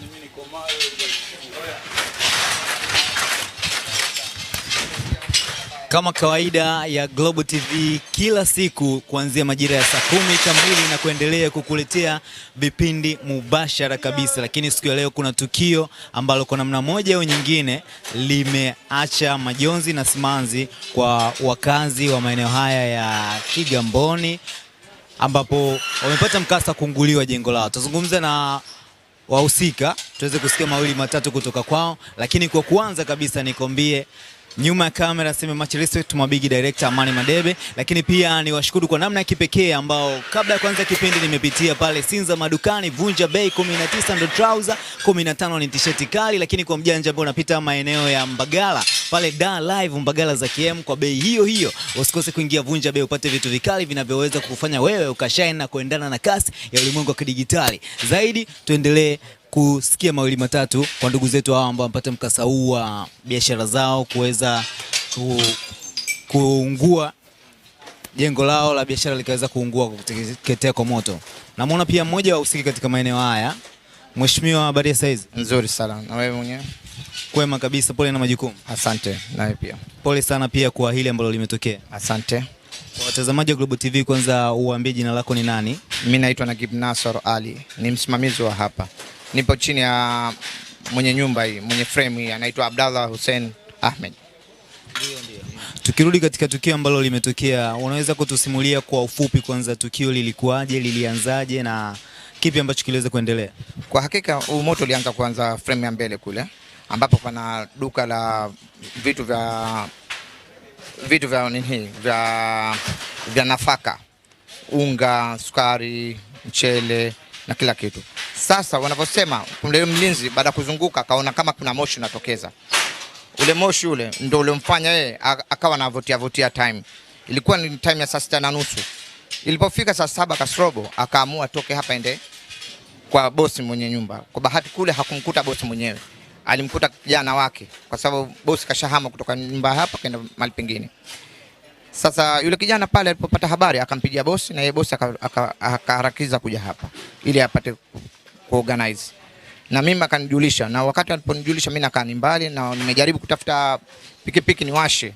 mimi niko mayo Kama kawaida ya Global TV kila siku kuanzia majira ya saa kumi kamili na kuendelea kukuletea vipindi mubashara kabisa, lakini siku ya leo kuna tukio ambalo kwa namna moja au nyingine limeacha majonzi na simanzi kwa wakazi wa maeneo haya ya Kigamboni ambapo wamepata mkasa kunguliwa jengo lao. Tuzungumze na wahusika tuweze kusikia mawili matatu kutoka kwao, lakini kwa kuanza kabisa nikwambie Nyuma ya kamera sema much respect mwabigi director Amani Madebe, lakini pia ni washukuru kwa namna ya kipekee ambao kabla ya kuanza kipindi nimepitia pale Sinza madukani vunja bei 19 ndo trouser 15 ni t-shirt kali, lakini kwa mjanja ambao unapita maeneo ya Mbagala pale Da Live Mbagala za KM kwa bei hiyo hiyo, usikose kuingia vunja bei upate vitu vikali vinavyoweza kukufanya wewe ukashine na kuendana na kasi ya ulimwengu wa kidijitali zaidi. Tuendelee kusikia mawili matatu kwa ndugu zetu hawa ambao wamepata mkasa huu wa biashara zao kuweza ku, kuungua jengo lao la biashara likaweza kuungua kwa kuteketea kwa moto. Namwona pia mmoja wa usiki katika maeneo haya. Mheshimiwa, habari ya saizi? Nzuri sana. Na wewe mwenyewe? Kwema kabisa, pole na majukumu. Asante. Na wewe pia pole sana pia kwa hili ambalo limetokea. Asante. Kwa watazamaji wa Global TV, kwanza uambie jina lako ni nani? Mimi naitwa Nagib Nasor Ali, ni msimamizi wa hapa nipo chini ya mwenye nyumba hii, mwenye frame hii anaitwa Abdallah Hussein Ahmed. Tukirudi katika tukio ambalo limetokea, unaweza kutusimulia kwa ufupi, kwanza tukio lilikuwaje, lilianzaje na kipi ambacho kiliweza kuendelea? Kwa hakika huu moto ulianza kwanza frame ya mbele kule ambapo pana duka la vitu vya vitu vya nini vya, vya nafaka, unga, sukari, mchele na kila kitu. Sasa wanavyosema kuna ule mlinzi baada ya kuzunguka akaona kama kuna moshi unatokeza. Ule moshi ule ndio uliomfanya yeye akawa anavutia vutia time. Ilikuwa ni time ya saa sita na nusu. Ilipofika saa saba kasrobo akaamua toke hapa ende kwa bosi mwenye nyumba. Kwa bahati kule hakumkuta bosi mwenyewe. Alimkuta kijana wake kwa sababu bosi kashahama kutoka nyumba hapa kwenda mahali pengine. Sasa yule kijana pale alipopata habari akampigia bosi na yeye bosi akaharakiza aka, aka kuja hapa ili apate kuorganize na mimi akanijulisha, na wakati aliponijulisha mimi nakaa mbali na nimejaribu kutafuta pikipiki niwashe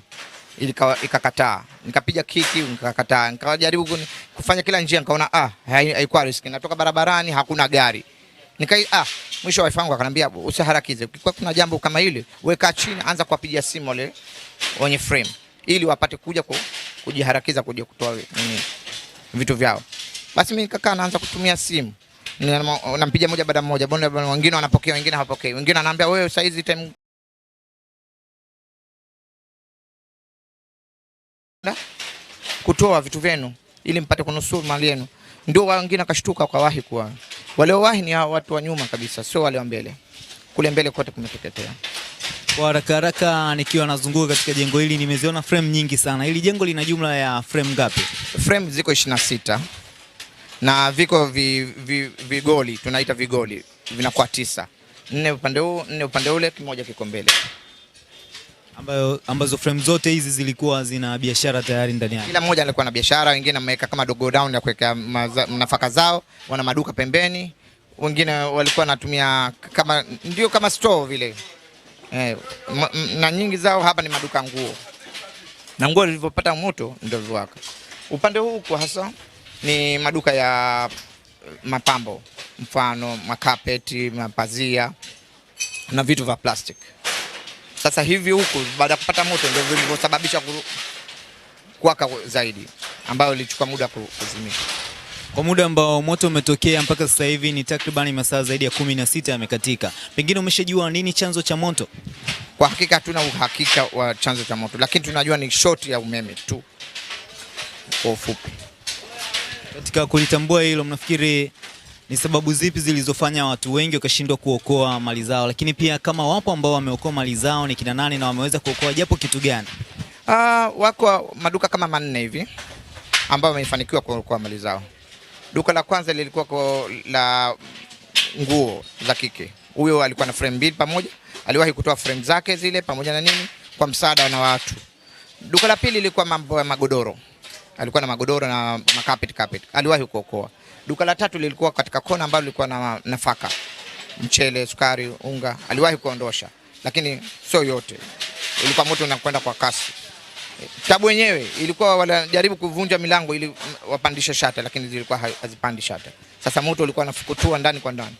ikakataa, nikapiga kiki nikakataa, nikajaribu kufanya kila njia, nikaona ah, haikuwa risk, natoka barabarani hakuna gari nika ah, mwisho wa ifangu akanambia usiharakize, kwa kuna jambo kama hili weka chini, anza kuwapigia simu wale wenye frame ili wapate kuja ku, kujiharakiza kuja kutoa nini vitu vyao. Basi mimi nikakaa naanza kutumia simu unampiga moja baada moja, wengine wanapokea, wengine hawapokei, wengine anaambia wewe hizi time kutoa vitu vyenu ili mpate kunusuru mali yenu. Ndio wengine akashtuka kwa wahi kuwa waliowahi ni hao watu wa nyuma kabisa, sio wale wa mbele. Kule mbele kote kumeteketea. Kwa haraka haraka, nikiwa nazunguka katika jengo hili nimeziona frame nyingi sana. Hili jengo lina jumla ya frame ngapi? Frame ziko 26 na viko vigoli vi, vi tunaita vigoli vinakuwa tisa, nne upande huu, nne upande ule, kimoja kiko mbele, ambayo ambazo frame zote hizi zilikuwa zina biashara tayari ndani yake. Kila mmoja alikuwa na biashara, wengine wameweka kama dogo down ya kuweka nafaka zao, wana maduka pembeni, wengine walikuwa wanatumia kama ndio kama store vile eh, na nyingi zao hapa ni maduka nguo, na nguo zilivyopata moto ndio viwaka upande huu kwa hasa ni maduka ya eh, mapambo, mfano makapeti, mapazia na vitu vya plastic. Sasa hivi huku baada ya kupata moto ndio vilivyosababisha kuwaka zaidi, ambayo ilichukua muda kuzimika. Kwa muda ambao moto umetokea mpaka sasa hivi ni takribani masaa zaidi ya kumi na sita yamekatika. Pengine umeshajua nini chanzo cha moto? Kwa hakika hatuna uhakika wa chanzo cha moto, lakini tunajua ni shoti ya umeme tu, kwa ufupi. Katika kulitambua hilo, mnafikiri ni sababu zipi zilizofanya watu wengi wakashindwa kuokoa mali zao? Lakini pia kama wapo ambao wameokoa mali zao, ni kina nani na wameweza kuokoa japo kitu gani? Uh, wako maduka kama manne hivi ambao wamefanikiwa kuokoa mali zao. Duka la kwanza lilikuwa kwa la nguo za kike. Huyo alikuwa na frame mbili pamoja, aliwahi kutoa frame zake zile pamoja na nini kwa msaada na watu. Duka la pili lilikuwa mambo ya magodoro alikuwa na magodoro na makapet kapet, aliwahi kuokoa. Duka la tatu lilikuwa katika kona ambalo lilikuwa na nafaka, mchele, sukari, unga, aliwahi kuondosha, lakini sio yote, ilikuwa moto unakwenda kwa kasi. Tabu wenyewe ilikuwa wanajaribu kuvunja milango ili wapandishe shata, lakini zilikuwa hazipandi shata. Sasa moto ulikuwa unafukutua ndani kwa ndani.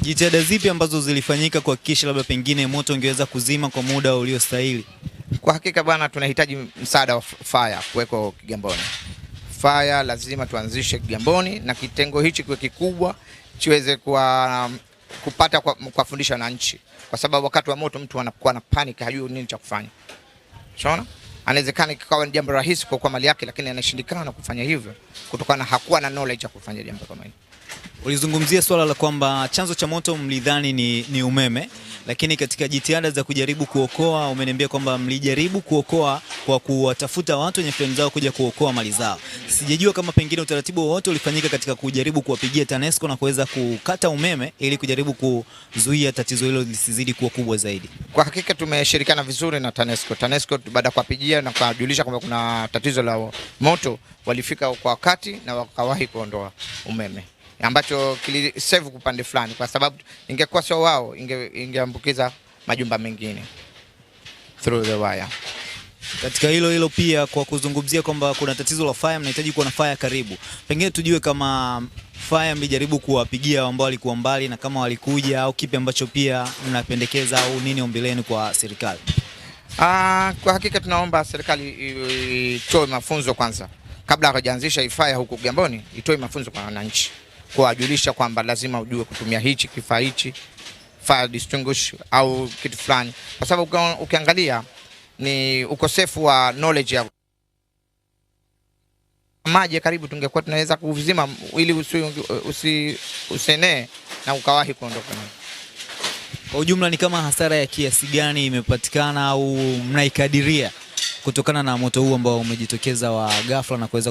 Jitihada zipi ambazo zilifanyika kuhakikisha labda pengine moto ungeweza kuzima kwa muda uliostahili? Kwa hakika bwana, tunahitaji msaada wa faya kuweko Kigamboni. Faya lazima tuanzishe Kigamboni na kitengo hichi kiwe kikubwa, chiweze kwa um, kupata kwa, kwa wananchi, kwa sababu wakati wa moto mtu anakuwa na panic, hajui nini cha kufanya. Unaona, anawezekana ikawa ni jambo rahisi kwa mali yake, lakini anashindikana kufanya hivyo kutokana hakuwa na knowledge ya kufanya jambo kama hilo. Ulizungumzia swala la kwamba chanzo cha moto mlidhani ni, ni umeme, lakini katika jitihada za kujaribu kuokoa umeniambia kwamba mlijaribu kuokoa kwa kuwatafuta watu wenye fremu zao kuja kuokoa mali zao. Sijajua kama pengine utaratibu wowote ulifanyika katika kujaribu kuwapigia TANESCO na kuweza kukata umeme ili kujaribu kuzuia tatizo hilo lisizidi kuwa kubwa zaidi. Kwa hakika tumeshirikiana vizuri na TANESCO. TANESCO baada ya kuwapigia na kujulisha kwamba kuna tatizo la moto, walifika kwa wakati na wakawahi kuondoa umeme ambacho kilisave kupande fulani, kwa sababu ingekuwa sio wao ingeambukiza inge majumba mengine through the wire. Katika hilo hilo pia kwa kuzungumzia kwamba kuna tatizo la fire, mnahitaji kuwa na fire karibu, pengine tujue kama fire mlijaribu kuwapigia ambao walikuwa mbali na kama walikuja au kipi ambacho pia mnapendekeza au nini ombi lenu kwa serikali? Ah, kwa hakika tunaomba serikali itoe mafunzo kwanza kabla hawajaanzisha ifaya huku Gamboni, itoe mafunzo kwa wananchi kuwajulisha kwamba lazima ujue kutumia hichi kifaa hichi fire distinguish au kitu fulani, kwa sababu ukiangalia ni ukosefu wa knowledge ya maji karibu, tungekuwa tunaweza kuvizima ili usienee usi, usi na ukawahi kuondoka. Kwa ujumla, ni kama hasara ya kiasi gani imepatikana au mnaikadiria kutokana na moto huu ambao umejitokeza wa ghafla na kuweza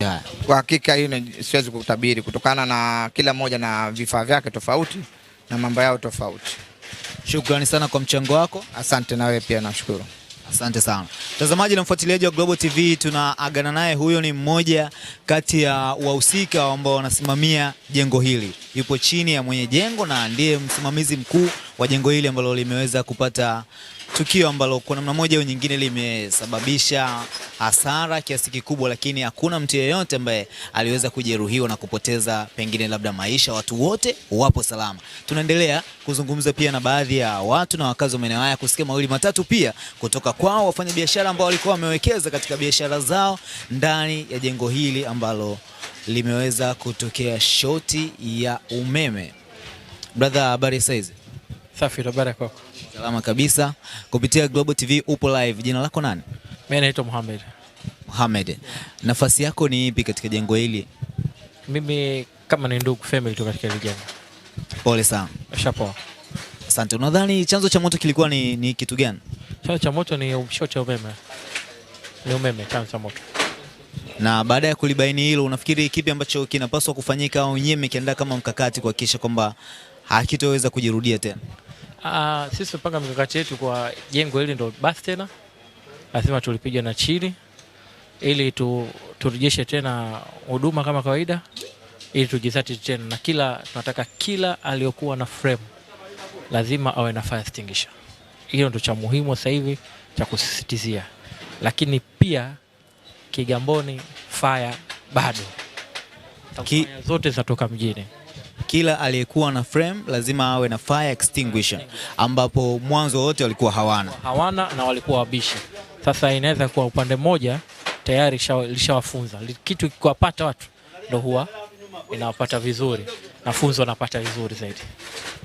Yeah. Kwa hakika hiyo siwezi kutabiri kutokana na kila mmoja na vifaa vyake tofauti na mambo yao tofauti. Shukrani sana kwa mchango wako. Asante na wewe pia nashukuru. Asante sana mtazamaji na mfuatiliaji wa Global TV, tunaagana naye. Huyo ni mmoja kati ya wahusika ambao wanasimamia jengo hili, yupo chini ya mwenye jengo na ndiye msimamizi mkuu wa jengo hili ambalo limeweza kupata tukio ambalo kwa namna moja au nyingine limesababisha hasara kiasi kikubwa, lakini hakuna mtu yeyote ambaye aliweza kujeruhiwa na kupoteza pengine labda maisha. Watu wote wapo salama. Tunaendelea kuzungumza pia na baadhi ya watu na wakazi wa maeneo haya kusikia mawili matatu pia kutoka kwao, wafanya biashara ambao walikuwa wamewekeza katika biashara zao ndani ya jengo hili ambalo limeweza kutokea shoti ya umeme. Brother, habari saizi? Safi, habari kwako? Salama kabisa. Kupitia Global TV upo live. Jina lako nani? Mimi naitwa Mohamed. Mohamed. Nafasi yako ni ipi katika jengo hili? Mimi kama ni ndugu family tu katika hili jengo. Pole sana. Shapo. Asante. Unadhani chanzo cha moto kilikuwa ni, ni kitu gani? Chanzo cha moto ni umshoti wa umeme. Ni umeme chanzo cha moto. Na baada ya kulibaini hilo, unafikiri kipi ambacho kinapaswa kufanyika au nyewe mkiandaa kama mkakati kuhakikisha kwamba hakitoweza kujirudia tena? Uh, sisi mpanga mikakati yetu kwa jengo hili ndo basi tena lazima tulipiga na chini ili tu, turejeshe tena huduma kama kawaida ili tujizati tena, na kila tunataka kila aliyokuwa na frame lazima awe na fire extinguisher. Hiyo ndo cha muhimu sasa hivi cha kusisitizia, lakini pia Kigamboni fire bado ki... zote zinatoka mjini kila aliyekuwa na frame lazima awe na fire extinguisher, ambapo mwanzo wote walikuwa hawana hawana na walikuwa wabishi. Sasa inaweza kuwa upande mmoja tayari lishawafunza kitu, kikiwapata watu ndo huwa inawapata vizuri na funzo wanapata vizuri zaidi.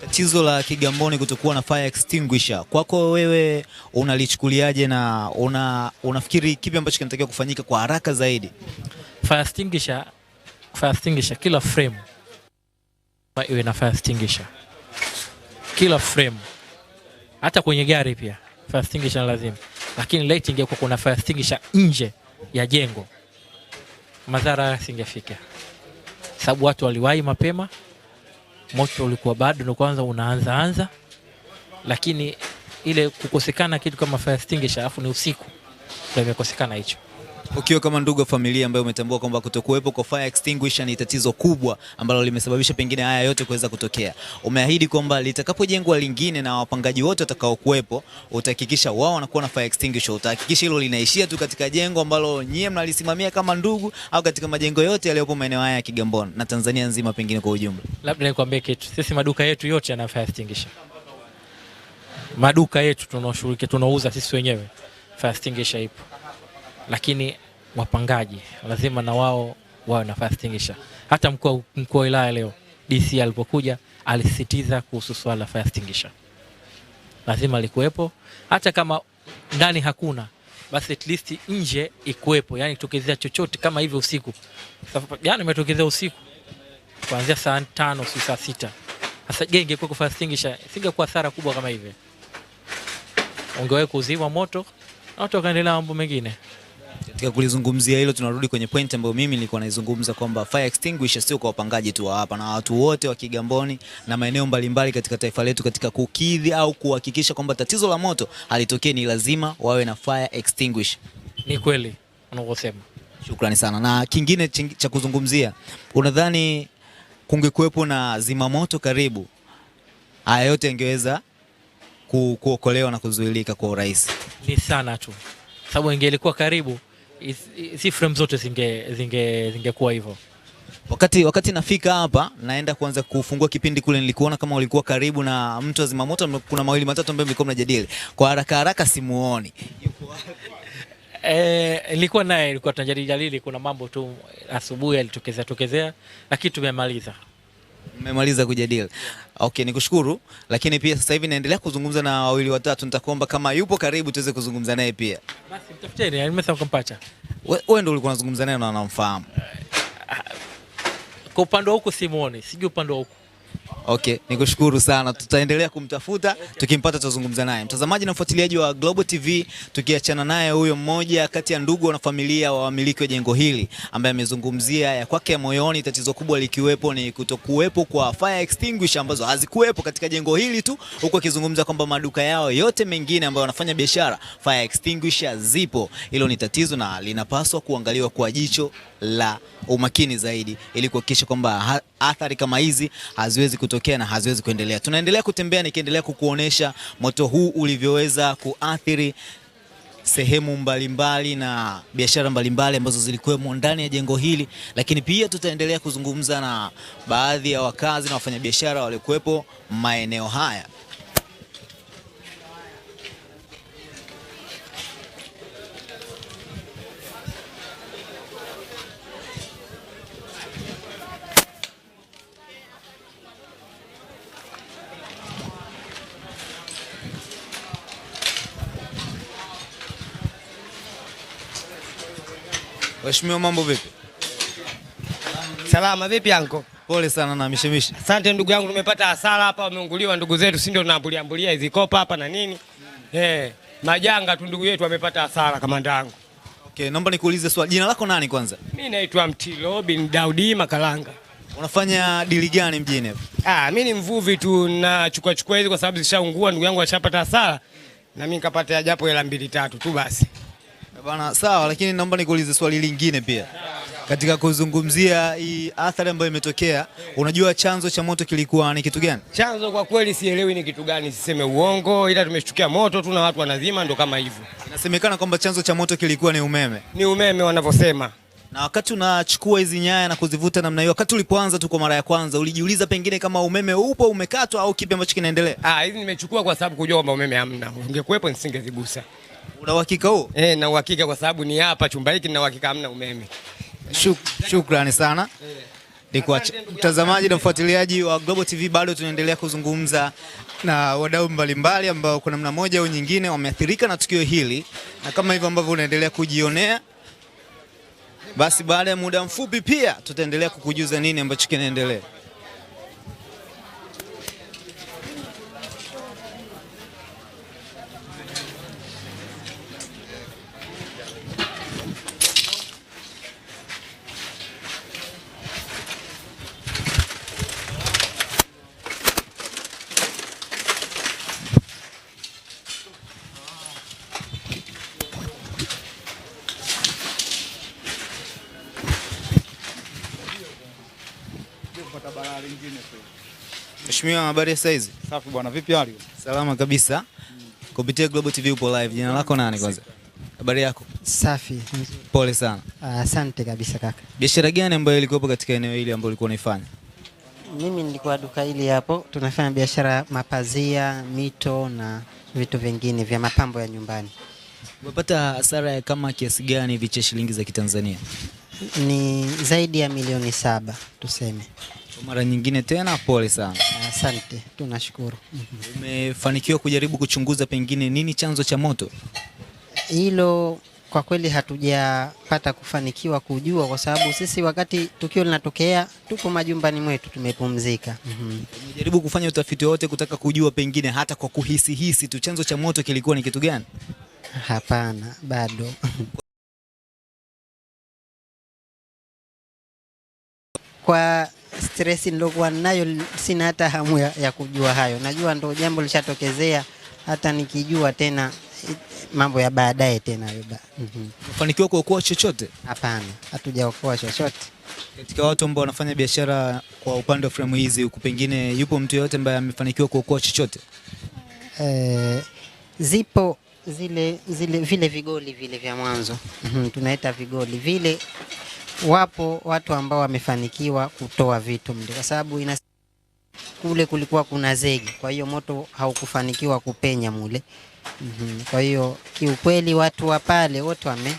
Tatizo la Kigamboni kutokuwa na fire extinguisher, kwako wewe unalichukuliaje na una, unafikiri kipi ambacho kinatakiwa kufanyika kwa haraka zaidi? Fire extinguisher, fire extinguisher kila frame iwe na fire extinguisher kila frame, hata kwenye gari pia fire extinguisher lazima, lakini light ingekuwa kuna fire extinguisher nje ya jengo, madhara yasingefika, sababu watu waliwahi mapema, moto ulikuwa bado ndio kwanza unaanza anza, lakini ile kukosekana kitu kama fire extinguisher, alafu ni usiku, ndio imekosekana hicho. Ukiwa kama ndugu wa familia ambaye umetambua kwamba kutokuwepo kwa fire extinguisher ni tatizo kubwa ambalo limesababisha pengine haya yote kuweza kutokea, umeahidi kwamba litakapojengwa lingine na wapangaji wote watakaokuwepo, utahakikisha wao wanakuwa na fire extinguisher. Utahakikisha hilo linaishia tu katika jengo ambalo nyie mnalisimamia kama ndugu, au katika majengo yote yaliyopo maeneo haya ya Kigamboni na Tanzania nzima pengine kwa ujumla? Labda nikwambie kitu, sisi maduka yetu yote yana fire extinguisher. Maduka yetu tunaoshiriki, tunauza sisi wenyewe, fire extinguisher ipo lakini wapangaji lazima na wao wawe na fire extinguisher. Hata mkuu wa wilaya leo DC alipokuja alisisitiza kuhusu swala la fire extinguisher, lazima likuwepo, hata kama ndani hakuna basi at least nje ikuwepo, yani tokezea chochote kama hivyo usiku. Yani umetokezea usiku kuanzia saa tano si saa sita. Sasa je, ingekuwa kwa fire extinguisher singekuwa hasara kubwa kama hivi, ungewahi kuzima moto na watu wakaendelea mambo mengine katika kulizungumzia hilo tunarudi kwenye point ambayo mimi nilikuwa naizungumza kwamba fire extinguisher sio kwa wapangaji tu hapa na watu wote wa Kigamboni na maeneo mbalimbali katika taifa letu, katika kukidhi au kuhakikisha kwamba tatizo la moto halitokee, ni lazima wawe na fire extinguisher. Ni kweli unavyosema. Shukrani sana. Na kingine cha kuzungumzia, unadhani kungekuwepo na zimamoto karibu, haya yote yangeweza kuokolewa na kuzuilika kwa urahisi? Ni sana tu, sababu ingelikuwa karibu si frame zote zingekuwa zinge, zinge hivyo. Wakati, wakati nafika hapa naenda kuanza kufungua kipindi kule, nilikuona kama ulikuwa karibu na mtu wa zimamoto. Kuna mawili matatu ambayo mlikuwa mnajadili kwa haraka haraka, simuoni Eh, nilikuwa naye, ilikuwa tunajadili, kuna mambo tu asubuhi alitokezea tokezea, lakini tumemaliza. Mmemaliza kujadili. Okay, nikushukuru, lakini pia sasa hivi naendelea kuzungumza na wawili watatu, nitakuomba kama yupo karibu tuweze kuzungumza naye pia. Basi mtafuteni, alimesa kumpacha. Wewe ndio ulikuwa unazungumza naye na anamfahamu. Kwa upande wa huku simuoni, sijui upande wa huku. Okay, nikushukuru sana, tutaendelea kumtafuta tukimpata tutazungumza naye. Mtazamaji na mfuatiliaji wa Global TV, tukiachana naye huyo mmoja kati ya ndugu na familia wa wamiliki wa jengo hili ambaye amezungumzia ya kwake ya moyoni, tatizo kubwa likiwepo ni kutokuwepo kwa fire extinguisher ambazo hazikuwepo katika jengo hili tu, huku akizungumza kwamba maduka yao yote mengine ambayo wanafanya biashara fire extinguisher zipo. Hilo ni tatizo na linapaswa kuangaliwa kwa jicho la umakini zaidi ili kuhakikisha kwamba athari kama hizi haziwezi kuto zimetokea na haziwezi kuendelea. Tunaendelea kutembea nikiendelea kukuonesha moto huu ulivyoweza kuathiri sehemu mbalimbali mbali na biashara mbalimbali ambazo zilikuwemo ndani ya jengo hili, lakini pia tutaendelea kuzungumza na baadhi ya wakazi na wafanyabiashara waliokuwepo maeneo haya. Mheshimiwa, mambo vipi? Salama vipi yanko? Pole sana na mishimishi. Asante ndugu yangu, tumepata hasara hapa, wameunguliwa ndugu zetu, si ndio tunaambulia ambulia hizo kopa hapa na nini mm. Hey, eh, majanga tu ndugu yetu amepata hasara kamanda yangu. Okay, naomba nikuulize swali. Jina lako nani kwanza? Mimi naitwa Mtilo bin Daudi Makalanga. Unafanya dili gani mjini hapo? Ah, mimi ni mvuvi tu, nachukua chukua hizi kwa sababu zishaungua ndugu yangu, ashapata hasara na mimi nikapata japo hela mbili tatu tu basi. Bana, sawa, lakini naomba nikuulize swali lingine pia katika kuzungumzia hii athari ambayo imetokea, unajua chanzo cha moto kilikuwa ni kitu gani? Chanzo kwa kweli sielewi ni kitu gani, siseme uongo, ila tumeshtukia moto tu na watu wanazima, ndo kama hivyo. Inasemekana kwamba chanzo cha moto kilikuwa ni umeme, ni umeme wanavyosema. Na wakati unachukua hizi nyaya na kuzivuta namna hiyo, wakati ulipoanza tu kwa mara ya kwanza, ulijiuliza pengine kama umeme upo umekatwa au kipi ambacho kinaendelea? Ah, hizi nimechukua kwa sababu kujua kwamba umeme hamna. Ungekuwepo nisingezigusa. Una uhakika huo? Eh, na uhakika kwa sababu ni hapa chumba hiki na uhakika hamna umeme. Shuk, shukrani sana eh. Nikuache mtazamaji na mfuatiliaji wa Global TV, bado tunaendelea kuzungumza na wadau mbalimbali ambao kwa namna moja au nyingine wameathirika na tukio hili, na kama hivyo ambavyo unaendelea kujionea basi baada ya muda mfupi pia tutaendelea kukujuza nini ambacho kinaendelea. Mheshimiwa, habari ya saizi? Safi bwana, vipi hali? Salama kabisa. Mm. Kupitia Global TV upo live. Jina lako nani kwanza? Habari yako? Safi. Pole sana. Asante uh, kabisa kaka. Biashara gani ambayo ilikuwepo katika eneo hili ambayo ulikuwa unaifanya? Mimi nilikuwa duka hili hapo, tunafanya biashara mapazia, mito na vitu vingine vya mapambo ya nyumbani. Umepata hasara ya kama kiasi gani hivi cha shilingi za Kitanzania? Ni zaidi ya milioni saba tuseme. Mara nyingine tena pole sana. Asante, tunashukuru. Umefanikiwa kujaribu kuchunguza pengine nini chanzo cha moto? Hilo kwa kweli hatujapata kufanikiwa kujua, kwa sababu sisi wakati tukio linatokea tupo majumbani mwetu tumepumzika. Umejaribu kufanya utafiti wote kutaka kujua pengine hata kwa kuhisihisi tu chanzo cha moto kilikuwa ni kitu gani? Hapana, bado. kwa stress nilokuwa nayo, sina hata hamu ya, ya kujua hayo. Najua ndo jambo lishatokezea, hata nikijua tena mambo ya baadaye tena. ba. mm -hmm. kuokoa chochote? Hapana, hatujaokoa chochote. Katika watu ambao wanafanya biashara kwa upande wa fremu hizi huku, pengine yupo mtu yeyote ambaye amefanikiwa kuokoa chochote? E, zipo zile, zile vile vigoli vile vya mwanzo mm -hmm. tunaita vigoli vile wapo watu ambao wamefanikiwa kutoa vitu mle, kwa sababu ina kule kulikuwa kuna zege, kwa hiyo moto haukufanikiwa kupenya mule. mm -hmm. Kwa hiyo kiukweli watu wa pale wote wame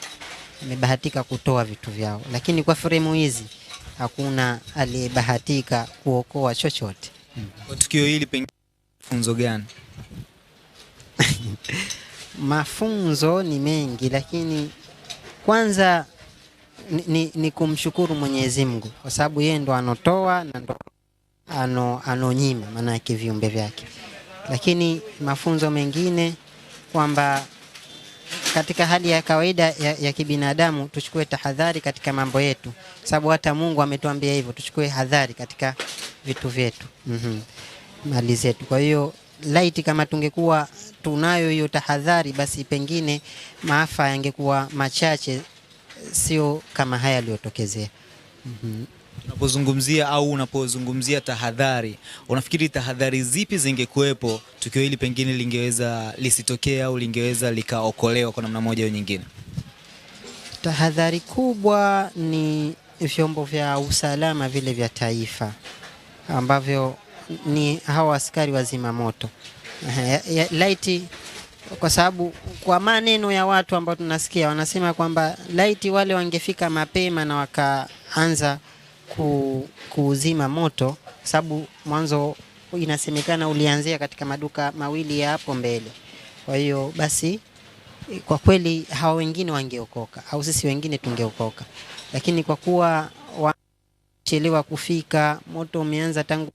wamebahatika kutoa vitu vyao, lakini kwa fremu hizi hakuna aliyebahatika kuokoa chochote. mm -hmm. Tukio hili pengine funzo gani? Mafunzo ni mengi, lakini kwanza ni, ni, kumshukuru Mwenyezi Mungu kwa sababu yeye ndo anotoa na ndo ano, anonyima maana yake viumbe vyake, lakini mafunzo mengine kwamba katika hali ya kawaida ya, ya kibinadamu tuchukue tahadhari katika mambo yetu, sababu hata Mungu ametuambia hivyo, tuchukue hadhari katika vitu vyetu mm -hmm. mali zetu. Kwa hiyo laiti kama tungekuwa tunayo hiyo tahadhari, basi pengine maafa yangekuwa machache sio kama haya yaliyotokezea. mm-hmm. Unapozungumzia au unapozungumzia tahadhari, unafikiri tahadhari zipi zingekuwepo tukio hili pengine lingeweza lisitokee au lingeweza likaokolewa kwa namna moja au nyingine? Tahadhari kubwa ni vyombo vya usalama vile vya taifa ambavyo ni hawa askari wa zimamoto laiti kwa sababu kwa maneno ya watu ambao tunasikia wanasema kwamba laiti wale wangefika mapema na wakaanza ku, kuuzima moto, sababu mwanzo inasemekana ulianzia katika maduka mawili ya hapo mbele. Kwa hiyo basi, kwa kweli hawa wengine wangeokoka au sisi wengine tungeokoka, lakini kwa kuwa wachelewa kufika, moto umeanza tangu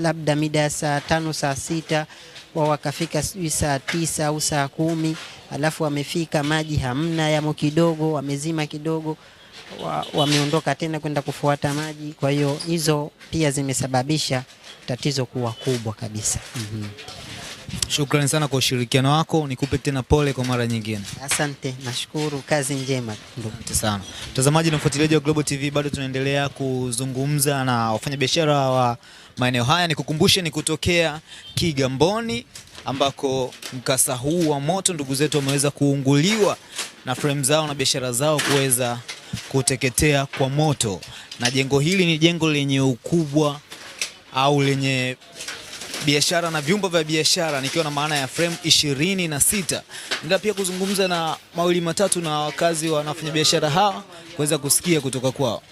labda mida ya saa tano saa sita wao wakafika sijui saa tisa au saa kumi, alafu wamefika maji hamna, yamo kidogo, wamezima kidogo, wameondoka tena kwenda kufuata maji. Kwa hiyo hizo pia zimesababisha tatizo kuwa kubwa kabisa. mm -hmm. Shukrani sana kwa ushirikiano wako, nikupe tena pole kwa mara nyingine. Asante, nashukuru, kazi njema. Asante sana mtazamaji na mfuatiliaji wa Global TV, bado tunaendelea kuzungumza na wafanyabiashara wa maeneo haya. Nikukumbushe ni kutokea Kigamboni ambako mkasa huu wa moto ndugu zetu wameweza kuunguliwa na frame zao na biashara zao kuweza kuteketea kwa moto, na jengo hili ni jengo lenye ukubwa au lenye biashara na vyumba vya biashara nikiwa na maana ya frame sita Nenda pia kuzungumza na mawili matatu na wakazi wa biashara hawa kuweza kusikia kutoka kwao.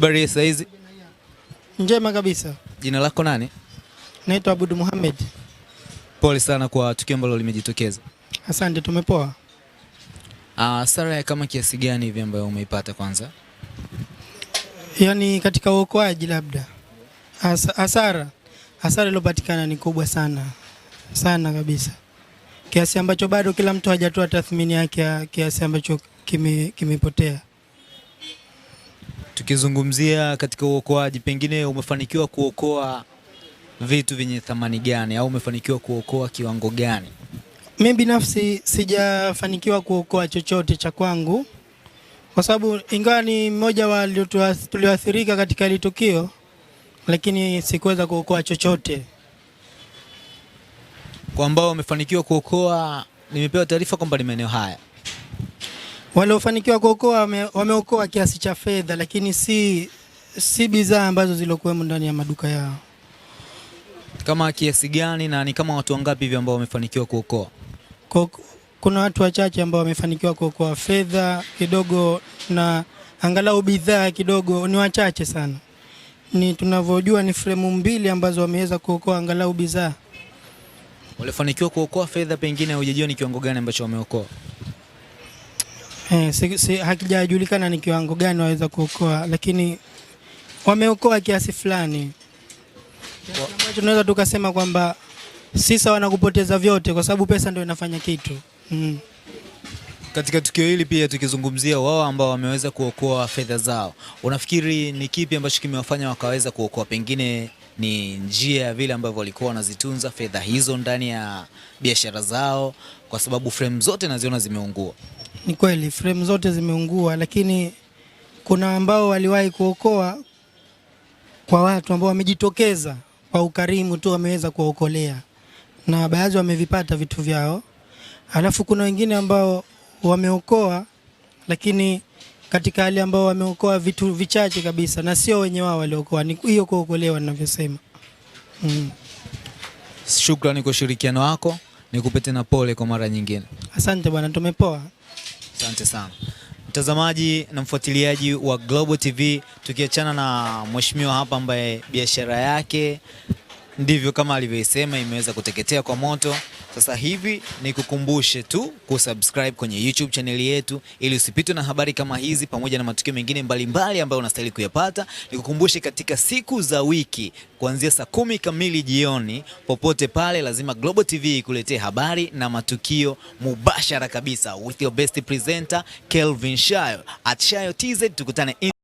Habari saa hizi? Njema kabisa. Jina lako nani? Naitwa Abud Muhammad. Pole sana kwa tukio ambalo limejitokeza. Asante, tumepoa. Uh, sara ya kama kiasi gani hivi ambayo umeipata kwanza? Yaani katika uokoaji labda hasara hasara iliyopatikana ni kubwa sana sana kabisa, kiasi ambacho bado kila mtu hajatoa tathmini yake ya kiasi ambacho kimepotea kime Tukizungumzia katika uokoaji, pengine umefanikiwa kuokoa vitu vyenye thamani gani au umefanikiwa kuokoa kiwango gani? Mimi binafsi sijafanikiwa kuokoa chochote cha kwangu, kwa sababu ingawa ni mmoja wa tulioathirika katika ile tukio, lakini sikuweza kuokoa chochote. Kwa ambao wamefanikiwa kuokoa, nimepewa taarifa kwamba ni maeneo haya Waliofanikiwa kuokoa wameokoa wame kiasi cha fedha, lakini si, si bidhaa ambazo zilokuwemo ndani ya maduka yao. Kama kiasi gani na ni kama watu wangapi hivi ambao wamefanikiwa kuokoa? Kuna watu wachache ambao wamefanikiwa kuokoa fedha kidogo na angalau bidhaa kidogo, ni wachache sana. Ni tunavyojua ni fremu mbili ambazo wameweza kuokoa angalau bidhaa. Walifanikiwa kuokoa fedha, pengine hujajua ni kiwango gani ambacho wameokoa. Eh, si, si, hakijajulikana ni kiwango gani waweza kuokoa, lakini wameokoa kiasi fulani ambacho tunaweza tukasema kwamba si sawa na kupoteza vyote, kwa sababu pesa ndio inafanya kitu mm. Katika tukio hili pia tukizungumzia wao ambao wameweza kuokoa fedha zao, unafikiri ni kipi ambacho kimewafanya wakaweza kuokoa? Pengine ni njia ya vile ambavyo walikuwa wanazitunza fedha hizo ndani ya biashara zao, kwa sababu frame zote naziona zimeungua. Ni kweli frame zote zimeungua, lakini kuna ambao waliwahi kuokoa kwa watu ambao wamejitokeza kwa ukarimu tu, wameweza kuokolea na baadhi wamevipata vitu vyao. Alafu kuna wengine ambao wameokoa, lakini katika hali ambao wameokoa vitu vichache kabisa, na sio wenye wao waliokoa. Ni hiyo kuokolewa ninavyosema. Mm. Shukrani kwa ushirikiano wako nikupe tena pole kwa mara nyingine. Asante bwana, tumepoa. Asante sana mtazamaji na mfuatiliaji wa Global TV, tukiachana na mheshimiwa hapa ambaye biashara yake ndivyo kama alivyoisema imeweza kuteketea kwa moto. Sasa hivi nikukumbushe tu kusubscribe kwenye YouTube chaneli yetu ili usipitwe na habari kama hizi pamoja na matukio mengine mbalimbali ambayo unastahili kuyapata. Nikukumbushe katika siku za wiki kuanzia saa kumi kamili jioni, popote pale lazima Global TV ikuletee habari na matukio mubashara kabisa with your best presenter Kelvin Shayo at Shayo TZ. Tukutane in